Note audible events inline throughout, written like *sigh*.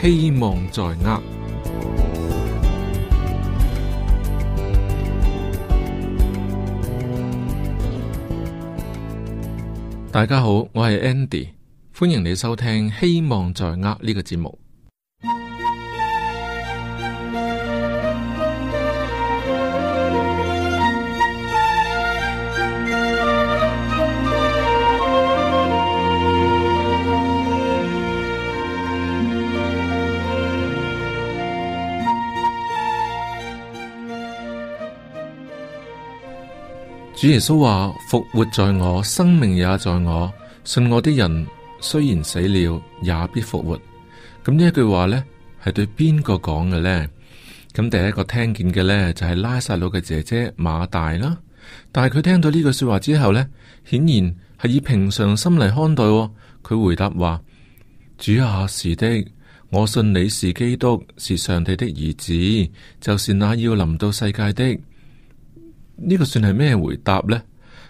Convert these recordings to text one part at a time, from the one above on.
希望在握。大家好，我係 Andy，歡迎你收聽《希望在握》呢個節目。主耶穌話：復活在我，生命也在我。信我的人，雖然死了，也必復活。咁呢一句話呢，係對邊個講嘅呢？咁第一個聽見嘅呢，就係拉撒路嘅姐姐馬大啦。但係佢聽到呢句說話之後呢，顯然係以平常心嚟看待。佢回答話：主啊，是的，我信你是基督，是上帝的兒子，就是那要臨到世界的。呢個算係咩回答呢？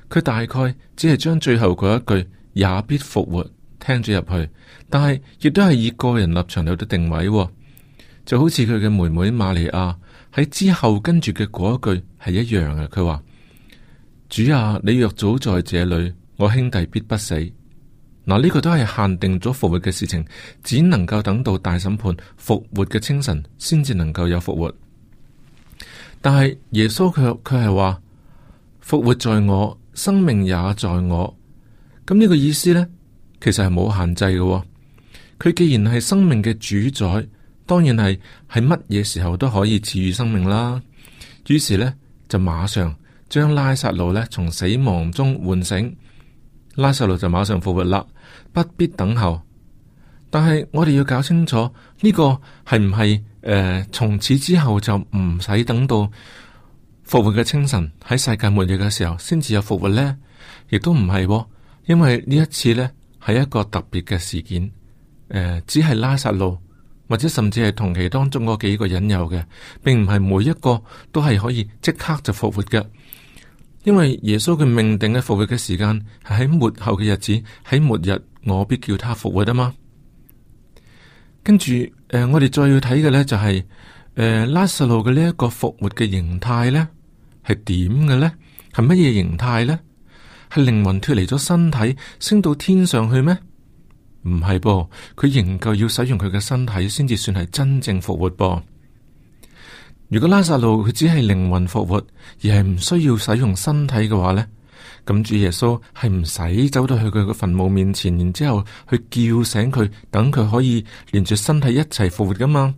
佢大概只係將最後嗰一句也必復活聽咗入去，但係亦都係以個人立場有啲定位、哦，就好似佢嘅妹妹瑪利亞喺之後跟住嘅嗰一句係一樣嘅。佢話：主啊，你若早在這裏，我兄弟必不死。嗱、這、呢個都係限定咗復活嘅事情，只能夠等到大審判復活嘅清晨先至能夠有復活。但係耶穌卻佢係話，復活在我，生命也在我。咁、這、呢個意思呢，其實係冇限制嘅、哦。佢既然係生命嘅主宰，當然係喺乜嘢時候都可以治癒生命啦。於是呢，就馬上將拉撒路呢從死亡中喚醒，拉撒路就馬上復活啦，不必等候。但係我哋要搞清楚呢、這個係唔係？誒、從、呃、此之後就唔使等到復活嘅清晨，喺世界末日嘅時候先至有復活呢，亦都唔係，因為呢一次呢，係一個特別嘅事件，呃、只係拉撒路或者甚至係同期當中嗰幾個引誘嘅，並唔係每一個都係可以即刻就復活嘅，因為耶穌嘅命定嘅復活嘅時間係喺末後嘅日子，喺末日我必叫他復活啊嘛，跟住。誒、呃，我哋再要睇嘅呢，就係、是、誒、呃，拉撒路嘅呢一個復活嘅形態呢，係點嘅呢？係乜嘢形態呢？係靈魂脱離咗身體升到天上去咩？唔係噃，佢仍舊要使用佢嘅身體先至算係真正復活噃。如果拉撒路佢只係靈魂復活而係唔需要使用身體嘅話呢，咁住主耶穌係唔使走到去佢個墳墓面前，然之後去叫醒佢，等佢可以連住身體一齊復活噶嘛？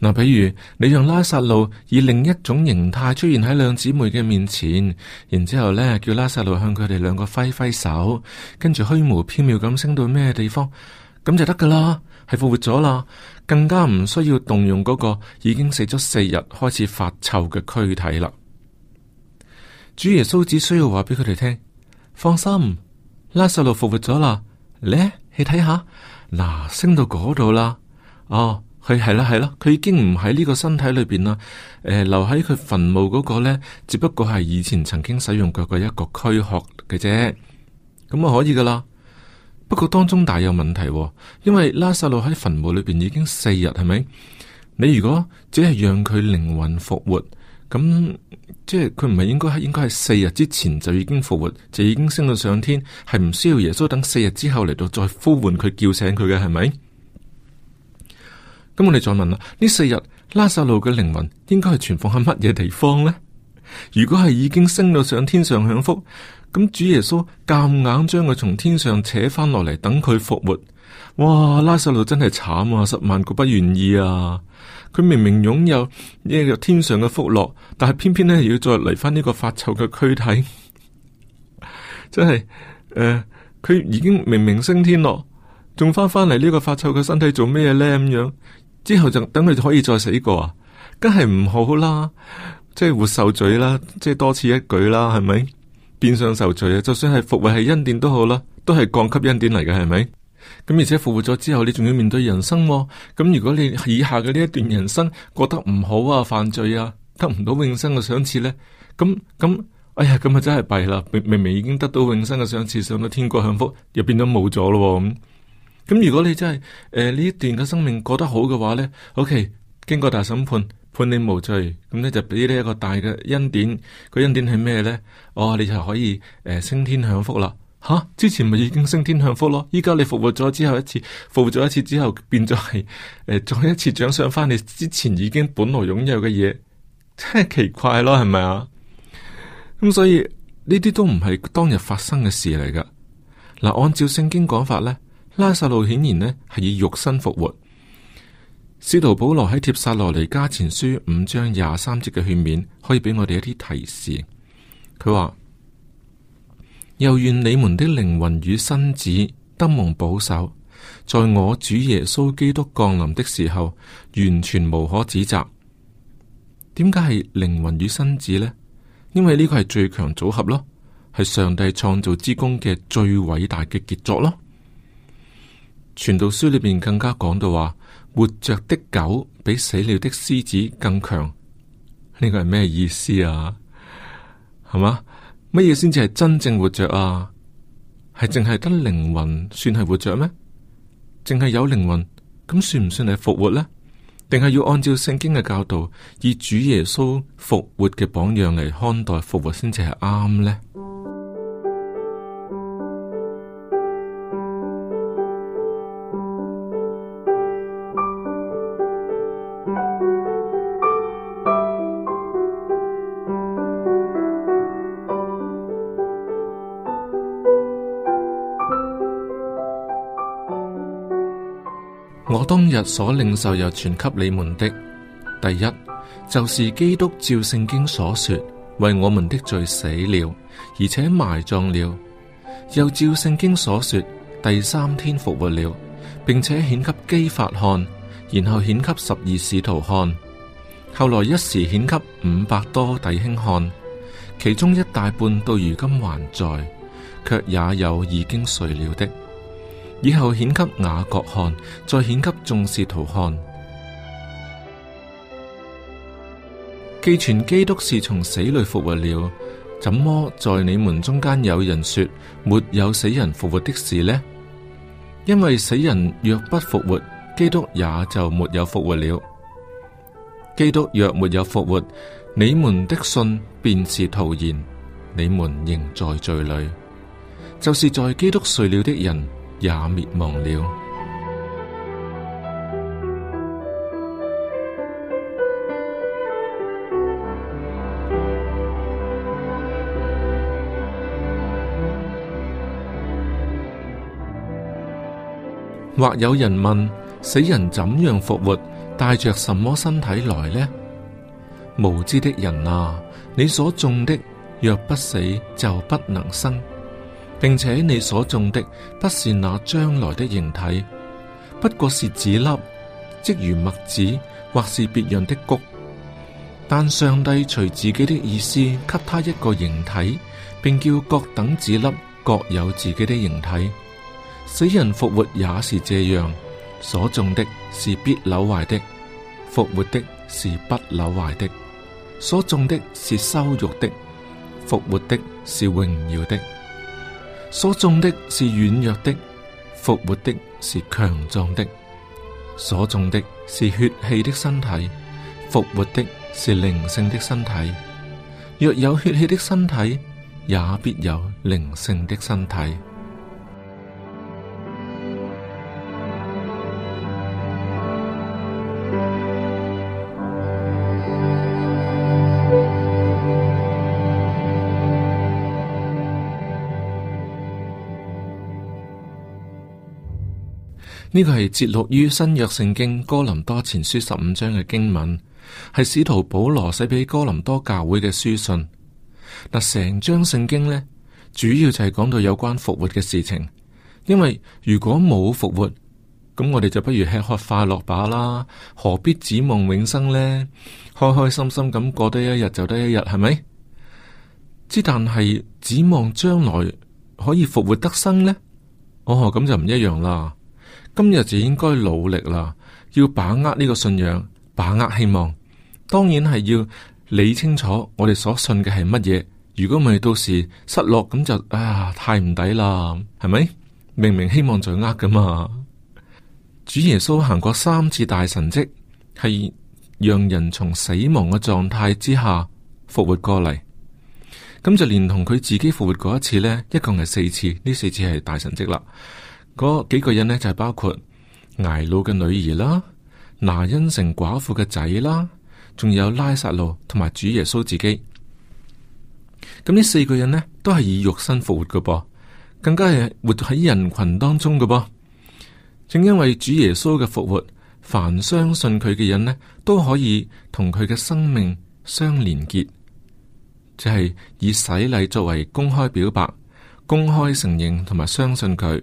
嗱，比如你讓拉撒路以另一種形態出現喺兩姊妹嘅面前，然之後呢叫拉撒路向佢哋兩個揮揮手，跟住虛無縹緲咁升到咩地方，咁就得噶啦，係復活咗啦，更加唔需要動用嗰個已經死咗四日開始發臭嘅軀體啦。主耶穌只需要話俾佢哋聽，放心，拉撒路復活咗啦，咧，你睇下，嗱升到嗰度啦，哦，佢係啦係啦，佢已經唔喺呢個身體裏邊啦，誒、呃，留喺佢墳墓嗰個呢，只不過係以前曾經使用過嘅一個軀殼嘅啫，咁啊可以噶啦，不過當中大有問題，哦，因為拉撒路喺墳墓裏邊已經四日係咪？你如果只係讓佢靈魂復活？咁即係佢唔係應該係應該係四日之前就已經復活，就已經升到上天，係唔需要耶穌等四日之後嚟到再呼喚佢叫醒佢嘅，係咪？咁我哋再問啦，呢四日拉撒路嘅靈魂應該係存放喺乜嘢地方呢？如果係已經升到上天上享福，咁主耶穌夾硬硬將佢從天上扯翻落嚟，等佢復活。哇！拉撒路真係慘啊，十萬個不願意啊。佢明明擁有呢個天上嘅福樂，但係偏偏咧係要再嚟翻呢個發臭嘅軀體， *laughs* 真係誒。佢、呃、已經明明升天咯，仲翻翻嚟呢個發臭嘅身體做咩嘢咧？咁樣之後就等佢可以再死過啊，梗係唔好啦，即係活受罪啦，即係多此一舉啦，係咪變相受罪啊？就算係復活係恩典都好啦，都係降級恩典嚟嘅，係咪？咁而且復活咗之後，你仲要面對人生喎、哦。咁如果你以下嘅呢一段人生過得唔好啊，犯罪啊，得唔到永生嘅賞賜呢，咁咁，哎呀，咁啊真係弊啦。明明已經得到永生嘅賞賜，上到天國享福，又變咗冇咗咯咁。咁如果你真係誒呢一段嘅生命過得好嘅話呢 o、OK, k 經過大審判，判你無罪，咁咧就俾呢一個大嘅恩典。個恩典係咩呢？哦，你就可以誒、呃、升天享福啦。吓、啊，之前咪已經升天享福咯，依家你復活咗之後一次，復活咗一次之後變咗係誒，再一次獎賞翻你之前已經本來擁有嘅嘢，真係奇怪咯，係咪啊？咁、嗯、所以呢啲都唔係當日發生嘅事嚟噶。嗱、啊，按照聖經講法呢，拉撒路顯然呢係以肉身復活。使徒保羅喺帖撒羅尼迦前書五章廿三節嘅勸勉，可以俾我哋一啲提示。佢話。又願你們的靈魂與身子得蒙保守，在我主耶穌基督降臨的時候，完全無可指責。點解係靈魂與身子呢？因為呢個係最強組合咯，係上帝創造之功嘅最偉大嘅傑作咯。傳道書裏面更加講到話，活着的狗比死了的獅子更強。呢個係咩意思啊？係嘛？乜嘢先至係真正活着啊？係淨係得靈魂算係活着咩？淨係有靈魂咁算唔算係復活呢？定係要按照聖經嘅教導，以主耶穌復活嘅榜樣嚟看待復活，先至係啱呢？日所領受又傳給你們的，第一就是基督，照聖經所說，為我們的罪死了，而且埋葬了，又照聖經所說，第三天復活了，並且顯給基法看，然後顯給十二使徒看，後來一時顯給五百多弟兄看，其中一大半到如今還在，卻也有已經睡了的。以後顯給雅各看，再顯給眾使徒看。既傳基督是從死裏復活了，怎麼在你們中間有人說沒有死人復活的事呢？因為死人若不復活，基督也就沒有復活了。基督若沒有復活，你們的信便是徒然，你們仍在罪裏。就是在基督睡了的人。也滅亡了。或有人問：死人怎樣復活？帶着什麼身體來呢？無知的人啊！你所種的若不死，就不能生。並且你所種的不是那將來的形體，不過是籽粒，即如麥子或是別樣的穀。但上帝隨自己的意思給他一個形體，並叫各等籽粒各有自己的形體。死人復活也是這樣：所種的是必朽壞的，復活的是不朽壞的；所種的是羞辱的，復活的是榮耀的。所種的是軟弱的，復活的是強壯的；所種的是血氣的身體，復活的是靈性的身體。若有血氣的身體，也必有靈性的身體。呢個係節錄於新約聖經哥林多前書十五章嘅經文，係使徒保羅寫俾哥林多教會嘅書信。嗱，成章聖經呢，主要就係講到有關復活嘅事情。因為如果冇復活，咁我哋就不如吃喝快樂罷啦，何必指望永生呢？開開心心咁過得一日就得一日，係咪？之但係指望將來可以復活得生呢？哦，咁就唔一樣啦。今日就應該努力啦，要把握呢個信仰，把握希望。當然係要理清楚我哋所信嘅係乜嘢。如果唔係到時失落，咁就啊太唔抵啦，係咪？明明希望在握噶嘛。主耶穌行過三次大神蹟，係讓人從死亡嘅狀態之下復活過嚟。咁就連同佢自己復活過一次呢，一共係四次。呢四次係大神蹟啦。嗰幾個人呢，就係、是、包括挨老嘅女兒啦，拿恩成寡婦嘅仔啦，仲有拉撒路同埋主耶穌自己。咁呢四個人呢，都係以肉身復活嘅噃，更加係活喺人群當中嘅噃。正因為主耶穌嘅復活，凡相信佢嘅人呢，都可以同佢嘅生命相連結，即、就、係、是、以洗禮作為公開表白、公開承認同埋相信佢。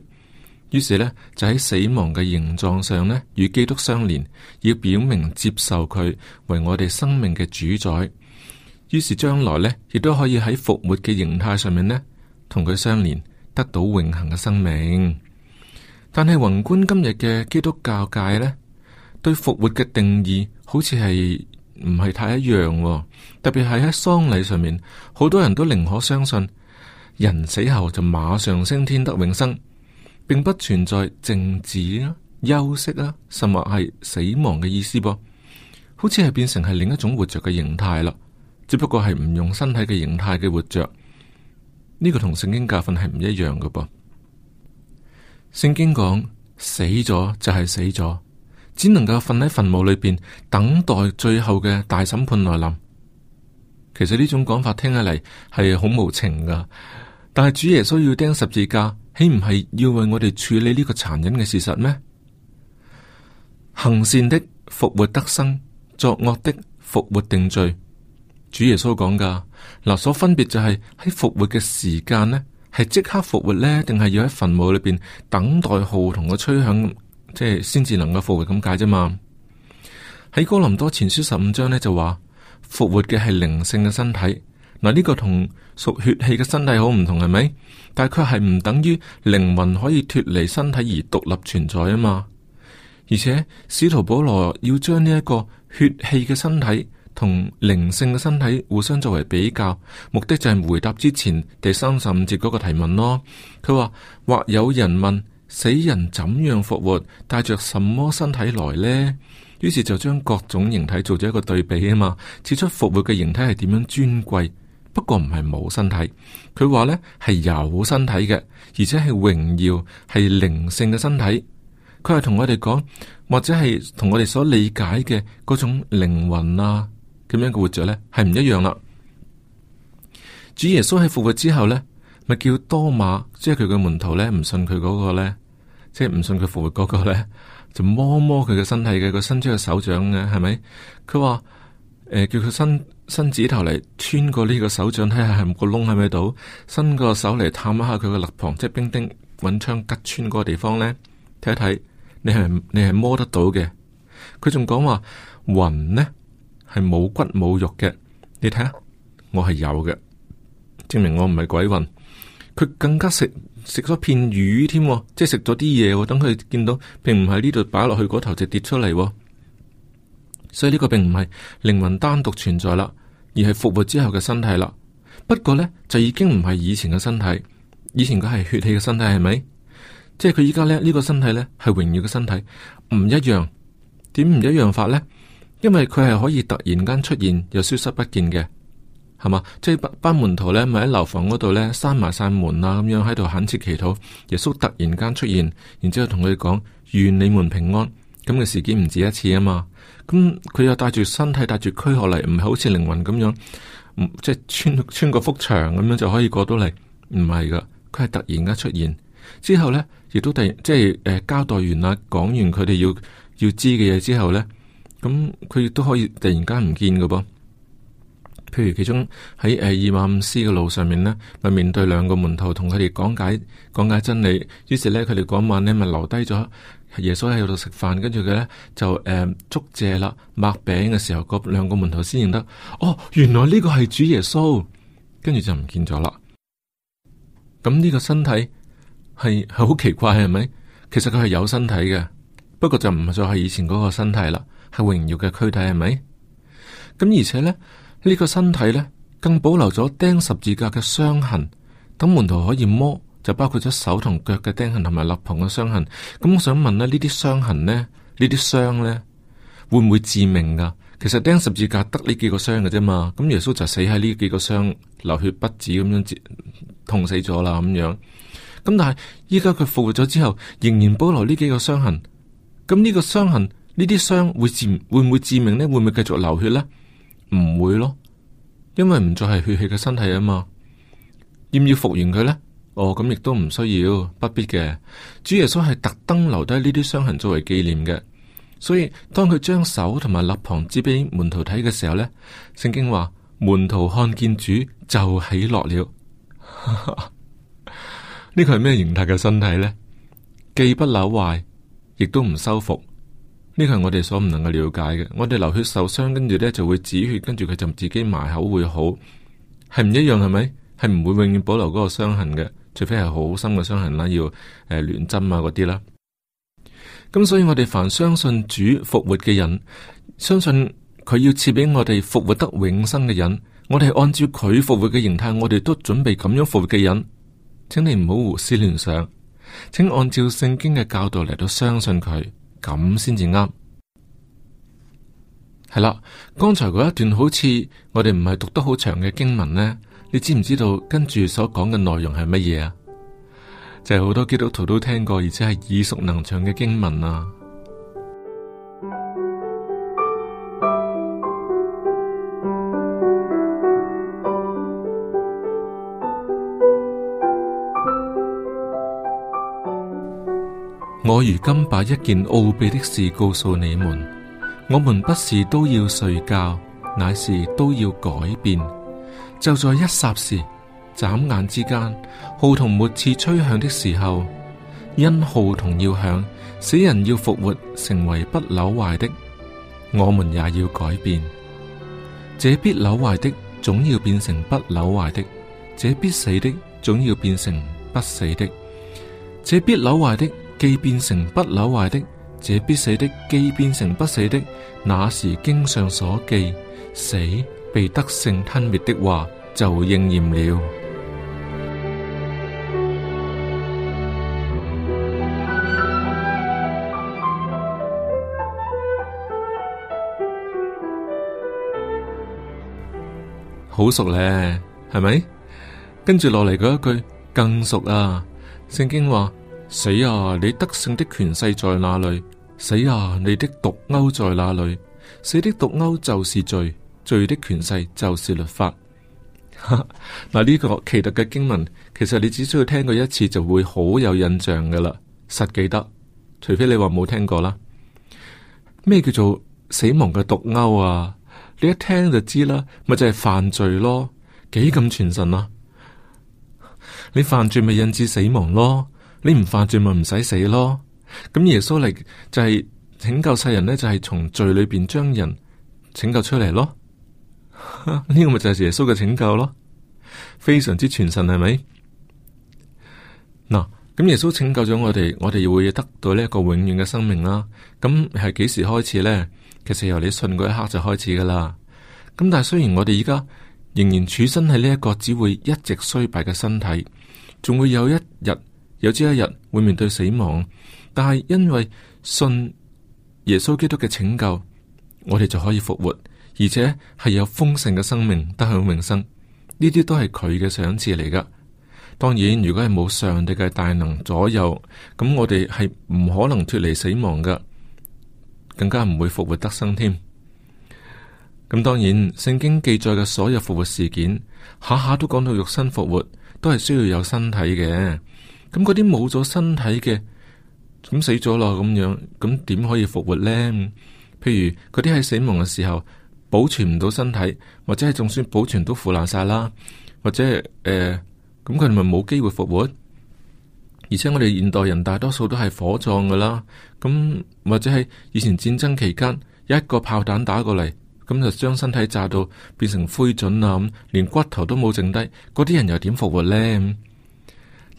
於是呢，就喺死亡嘅形狀上呢，與基督相連，要表明接受佢為我哋生命嘅主宰。於是將來呢，亦都可以喺復活嘅形態上面呢，同佢相連，得到永恆嘅生命。但係宏觀今日嘅基督教界呢，對復活嘅定義好似係唔係太一樣喎，特別係喺喪禮上面，好多人都寧可相信人死後就馬上升天得永生。並不存在靜止啊、休息啊，甚或係死亡嘅意思噃，好似係變成係另一種活着嘅形態啦。只不過係唔用身體嘅形態嘅活着，呢個同聖經教訓係唔一樣嘅噃。聖經講死咗就係死咗，只能夠瞓喺墳墓裏邊等待最後嘅大審判來臨。其實呢種講法聽起嚟係好無情噶，但係主耶穌要釘十字架。豈唔係要為我哋處理呢個殘忍嘅事實咩？行善的復活得生，作惡的復活定罪。主耶穌講噶嗱，所分別就係喺復活嘅時間呢，係即刻復活呢，定係要喺墳墓裏邊等待號同個吹響，即係先至能夠復活咁解啫嘛。喺哥林多前書十五章呢，就話復活嘅係靈性嘅身體。嗱，呢個同屬血氣嘅身體好唔同係咪？但係佢係唔等於靈魂可以脫離身體而獨立存在啊嘛？而且使徒保羅要將呢一個血氣嘅身體同靈性嘅身體互相作為比較，目的就係回答之前第三十五節嗰個提問咯。佢話：或有人問死人怎樣復活，帶着什麼身體來呢？於是就將各種形體做咗一個對比啊嘛，指出復活嘅形體係點樣尊貴。不過唔係冇身體，佢話咧係有身體嘅，而且係榮耀、係靈性嘅身體。佢係同我哋講，或者係同我哋所理解嘅嗰種靈魂啊咁樣嘅活着咧，係唔一樣啦。主耶穌喺復活之後咧，咪叫多馬，即係佢嘅門徒咧，唔信佢嗰個咧，即係唔信佢復活嗰個咧，就摸摸佢嘅身體嘅個伸出嘅手掌嘅，係咪？佢話。誒、呃、叫佢伸伸指頭嚟穿過呢個手掌睇下係咪個窿喺咪度，伸個手嚟探一下佢個肋旁，即係兵丁揾槍吉穿嗰個地方呢。睇一睇，你係你係摸得到嘅。佢仲講話魂呢係冇骨冇肉嘅，你睇下我係有嘅，證明我唔係鬼魂。佢更加食食咗片魚添，即係食咗啲嘢。等佢見到並唔係呢度擺落去嗰頭就跌出嚟。所以呢個並唔係靈魂單獨存在啦，而係復活之後嘅身體啦。不過呢，就已經唔係以前嘅身體，以前佢係血氣嘅身體係咪？即係佢依家呢呢個身體呢，係榮耀嘅身體，唔一樣。點唔一樣法呢？因為佢係可以突然間出現又消失不見嘅，係嘛？即係班門徒呢咪喺樓房嗰度呢閂埋扇門啊咁樣喺度懇切祈禱，耶穌突然間出現，然之後同佢哋講：願你們平安。咁嘅事件唔止一次啊嘛，咁佢又帶住身體帶住軀殼嚟，唔係好似靈魂咁樣，即係穿穿個幅牆咁樣就可以過到嚟，唔係噶，佢係突然間出現之後呢，亦都突然即係誒、呃、交代完啦，講完佢哋要要知嘅嘢之後呢，咁佢亦都可以突然間唔見噶噃。譬如其中喺誒以馬忤斯嘅路上面咧，嚟面對兩個門徒，同佢哋講解講解真理。於是呢，佢哋嗰晚咧咪、就是、留低咗耶穌喺度食飯，跟住佢呢就誒祝謝啦，擘、呃、餅嘅時候，個兩個門徒先認得，哦，原來呢個係主耶穌，跟住就唔見咗啦。咁呢個身體係係好奇怪係咪？其實佢係有身體嘅，不過就唔再係以前嗰個身體啦，係榮耀嘅軀體係咪？咁而且呢。呢個身體呢，更保留咗釘十字架嘅傷痕。咁門徒可以摸，就包括咗手同腳嘅釘痕，同埋肋旁嘅傷痕。咁我想問咧，呢啲傷痕呢，呢啲傷呢，會唔會致命噶？其實釘十字架得呢幾個傷嘅啫嘛。咁耶穌就死喺呢幾個傷，流血不止咁樣，痛死咗啦咁樣。咁但係依家佢復活咗之後，仍然保留呢幾個傷痕。咁呢個傷痕，呢啲傷會致會唔會致命呢？會唔會繼續流血呢？唔會咯，因為唔再係血氣嘅身體啊嘛，要唔要復原佢呢？哦，咁亦都唔需要，不必嘅。主耶穌係特登留低呢啲傷痕作為紀念嘅，所以當佢將手同埋肋旁指俾門徒睇嘅時候呢，聖經話門徒看見主就喜樂了。呢 *laughs* 個係咩形態嘅身體呢？既不朽壞，亦都唔修復。呢個係我哋所唔能夠了解嘅，我哋流血受傷，跟住呢就會止血，跟住佢就自己埋口會好，係唔一樣，係咪？係唔會永遠保留嗰個傷痕嘅，除非係好深嘅傷痕啦，要誒、呃、縫針啊嗰啲啦。咁所以我哋凡相信主復活嘅人，相信佢要賜俾我哋復活得永生嘅人，我哋按照佢復活嘅形態，我哋都準備咁樣復活嘅人，請你唔好胡思亂想，請按照聖經嘅教導嚟到相信佢。咁先至啱，係啦。剛才嗰一段好似我哋唔係讀得好長嘅經文呢。你知唔知道跟住所講嘅內容係乜嘢啊？就係、是、好多基督徒都聽過，而且係耳熟能詳嘅經文啊。我如今把一件奧秘的事告訴你們：我們不是都要睡覺，乃是都要改變。就在一霎時、眨眼之間，號筒末次吹響的時候，因號筒要響，死人要復活成為不朽壞的，我們也要改變。這必朽壞的總要變成不朽壞的，這必死的總要變成不死的，這必朽壞的。既變成不朽壞的，這必死的；既變成不死的，那時經上所記，死被得勝吞滅的話就應驗了。 *music* 好熟咧，係咪？跟住落嚟嗰一句更熟啦，啊，聖經話。死啊！你得勝的權勢在哪裏？死啊！你的毒鈎在哪裏？死的毒鈎就是罪，罪的權勢就是律法。嗱，呢個奇特嘅經文，其實你只需要聽過一次就會好有印象噶啦，實記得。除非你話冇聽過啦。咩叫做死亡嘅毒鈎啊？你一聽就知啦，咪就係犯罪咯，幾咁傳神啊？你犯罪咪引致死亡咯？你唔犯罪咪唔使死咯，咁耶穌嚟就係拯救世人呢，就係、是、從罪裏邊將人拯救出嚟咯。呢 *laughs* 個咪就係耶穌嘅拯救咯，非常之全神係咪？嗱，咁耶穌拯救咗我哋，我哋會得到呢一個永遠嘅生命啦、啊。咁係幾時開始呢？其實由你信嗰一刻就開始噶啦。咁但係雖然我哋而家仍然處身喺呢一個只會一直衰敗嘅身體，仲會有一日。有朝一日會面對死亡，但係因為信耶穌基督嘅拯救，我哋就可以復活，而且係有豐盛嘅生命得享永生。呢啲都係佢嘅賞賜嚟㗎。當然，如果係冇上帝嘅大能左右，咁我哋係唔可能脫離死亡㗎，更加唔會復活得生添。咁當然，聖經記載嘅所有復活事件，下下都講到肉身復活，都係需要有身體嘅。咁嗰啲冇咗身體嘅，咁死咗咯，咁樣，咁點可以復活呢？譬如嗰啲喺死亡嘅時候保存唔到身體，或者係仲算保存都腐爛晒啦，或者係誒，咁佢哋咪冇機會復活？而且我哋現代人大多數都係火葬噶啦，咁或者係以前戰爭期間一個炮彈打過嚟，咁就將身體炸到變成灰燼啦，咁連骨頭都冇剩低，嗰啲人又點復活呢？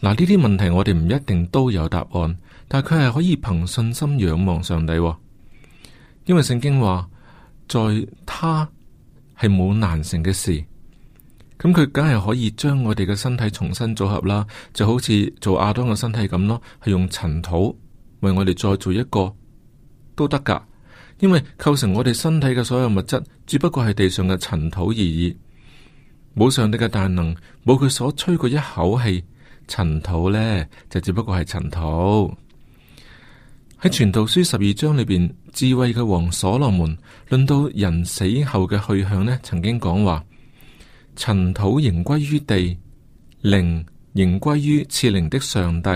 嗱，呢啲問題我哋唔一定都有答案，但佢係可以憑信心仰望上帝，因為聖經話，在他係冇難成嘅事。咁佢梗係可以將我哋嘅身體重新組合啦，就好似做亞當嘅身體咁咯，係用塵土為我哋再做一個都得噶，因為構成我哋身體嘅所有物質只不過係地上嘅塵土而已。冇上帝嘅大能，冇佢所吹過一口氣。塵土呢，就只不過係塵土，喺《傳道書》十二章裏邊，智慧嘅王所羅門論到人死後嘅去向呢，曾經講話：塵土仍歸於地，靈仍歸於賜靈的上帝。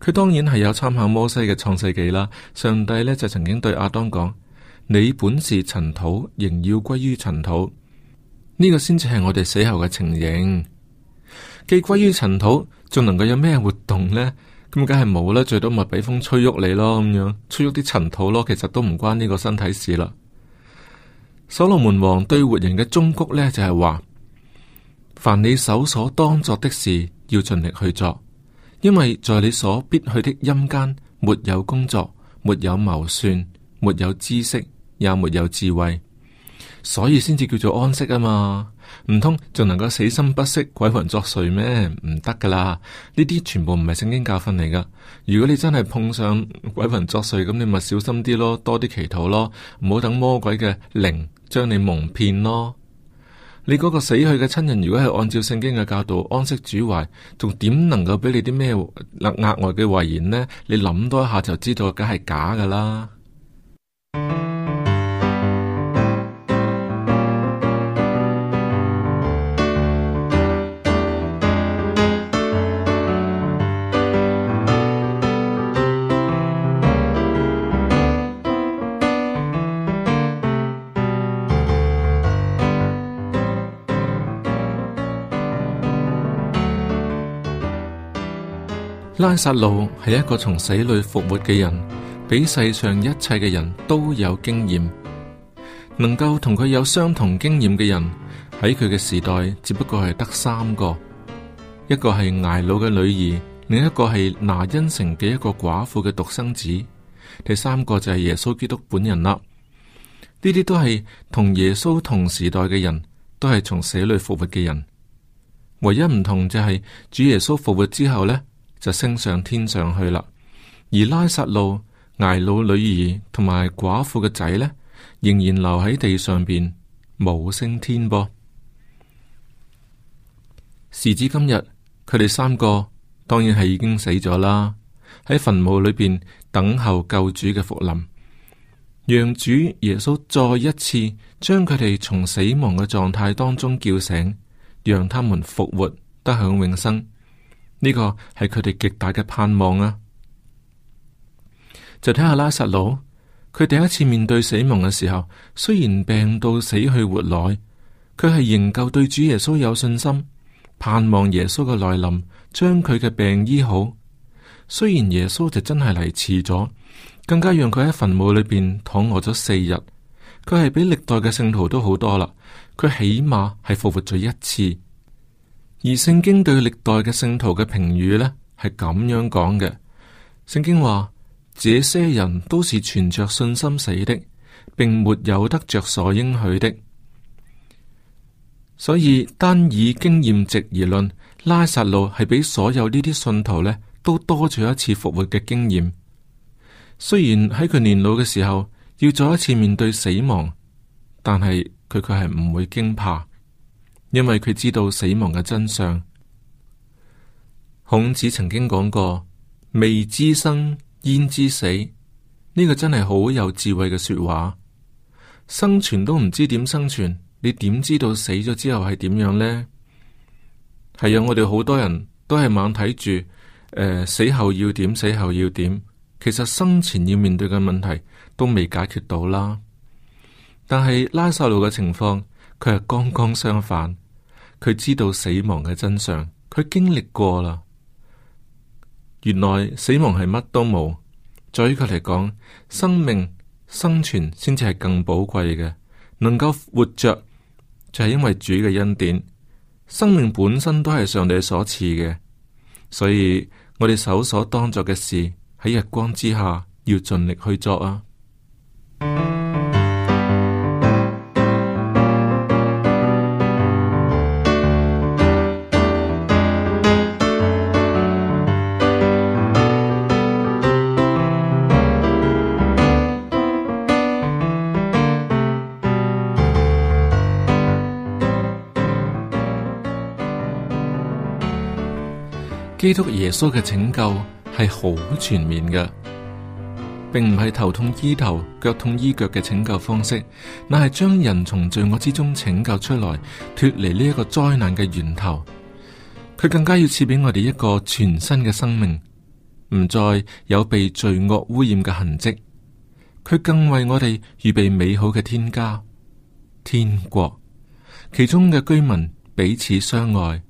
佢當然係有參考摩西嘅創世記啦。上帝呢，就曾經對亞當講：你本是塵土，仍要歸於塵土。呢、這個先至係我哋死後嘅情形。既歸於塵土，仲能夠有咩活動呢？咁梗係冇啦，最多咪俾風吹喐你咯，咁樣吹喐啲塵土咯。其實都唔關呢個身體事啦。所羅門王對活人嘅忠谷呢，就係話：凡你手所當作的事，要盡力去做，因為在你所必去的陰間，沒有工作，沒有謀算，沒有知識，也沒有智慧，所以先至叫做安息啊嘛。唔通仲能夠死心不息鬼魂作祟咩？唔得噶啦！呢啲全部唔係聖經教訓嚟噶。如果你真係碰上鬼魂作祟，咁你咪小心啲咯，多啲祈禱咯，唔好等魔鬼嘅靈將你蒙騙咯。你嗰個死去嘅親人，如果係按照聖經嘅教導安息主懷，仲點能夠俾你啲咩額外嘅遺言呢？你諗多一下就知道，梗係假噶啦。拉撒路係一個從死裏復活嘅人，比世上一切嘅人都有經驗，能夠同佢有相同經驗嘅人喺佢嘅時代，只不過係得三個，一個係睚魯嘅女兒，另一個係拿因城嘅一個寡婦嘅獨生子，第三個就係耶穌基督本人啦。呢啲都係同耶穌同時代嘅人，都係從死裏復活嘅人，唯一唔同就係主耶穌復活之後呢。就升上天上去啦，而拉撒路挨老女兒同埋寡婦嘅仔呢，仍然留喺地上邊冇升天噃。時至今日，佢哋三個當然係已經死咗啦，喺墳墓裏邊等候救主嘅復臨，讓主耶穌再一次將佢哋從死亡嘅狀態當中叫醒，讓他們復活得享永生。呢個係佢哋極大嘅盼望啊！就睇下拉撒路，佢第一次面對死亡嘅時候，雖然病到死去活來，佢係仍舊對主耶穌有信心，盼望耶穌嘅來臨將佢嘅病醫好。雖然耶穌就真係嚟遲咗，更加讓佢喺墳墓裏邊躺臥咗四日，佢係比歷代嘅聖徒都好多啦。佢起碼係復活咗一次。而聖經對歷代嘅聖徒嘅評語呢，係咁樣講嘅，聖經話：這些人都是存着信心死的，並沒有得着所應許的。所以單以經驗值而論，拉撒路係比所有呢啲信徒呢都多咗一次復活嘅經驗。雖然喺佢年老嘅時候要再一次面對死亡，但係佢却係唔會驚怕。因為佢知道死亡嘅真相。孔子曾經講過：未知生，焉知死？呢個真係好有智慧嘅說話。生存都唔知點生存，你點知道死咗之後係點樣呢？係啊，我哋好多人都係猛睇住，呃，死後要點？死後要點？其實生前要面對嘅問題都未解決到啦。但係拉薩路嘅情況。佢係剛剛相反，佢知道死亡嘅真相，佢經歷過啦。原來死亡係乜都冇，在於佢嚟講，生命生存先至係更寶貴嘅，能夠活着就係、是，因為主嘅恩典。生命本身都係上帝所賜嘅，所以我哋手所當作嘅事喺日光之下要盡力去作啊。基督耶穌嘅拯救係好全面嘅，並唔係頭痛醫頭、腳痛醫腳嘅拯救方式，乃係將人從罪惡之中拯救出來，脫離呢一個災難嘅源頭。佢更加要賜俾我哋一個全新嘅生命，唔再有被罪惡污染嘅痕跡。佢更為我哋預備美好嘅天家、天國，其中嘅居民彼此相愛，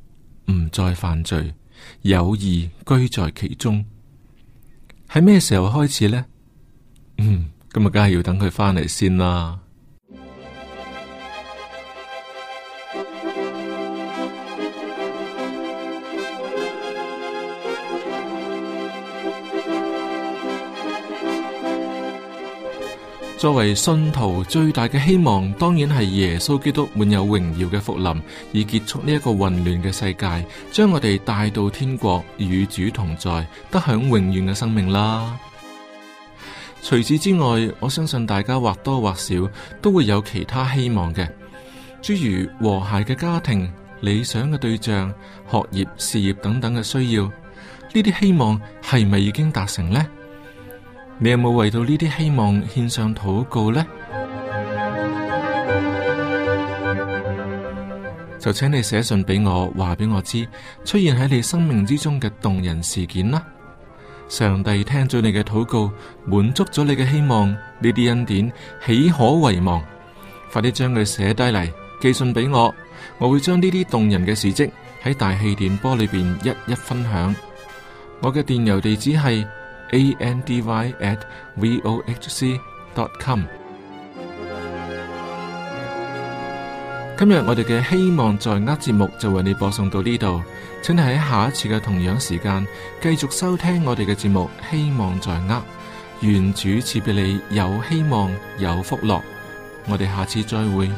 唔再犯罪。友誼居在其中，喺咩時候開始呢？咁、嗯、啊，梗係要等佢翻嚟先啦。作為信徒最大嘅希望，當然係耶穌基督滿有榮耀嘅復臨，以結束呢一個混亂嘅世界，將我哋帶到天國與主同在，得享永遠嘅生命啦。除此之外，我相信大家或多或少都會有其他希望嘅，諸如和諧嘅家庭、理想嘅對象、學業、事業等等嘅需要。呢啲希望係咪已經達成呢？你有冇為到呢啲希望獻上禱告呢？就請你寫信俾我，話俾我知出現喺你生命之中嘅動人事件啦！上帝聽咗你嘅禱告，滿足咗你嘅希望，呢啲恩典豈可遺忘？快啲將佢寫低嚟寄信俾我，我會將呢啲動人嘅事跡喺大氣電波裏邊一一分享。我嘅電郵地址係。Andy at vohc dot com。今日我哋嘅希望在握節目就為你播送到呢度，請你喺下一次嘅同樣時間繼續收聽我哋嘅節目。希望在握，願主賜俾你有希望有福樂。我哋下次再會。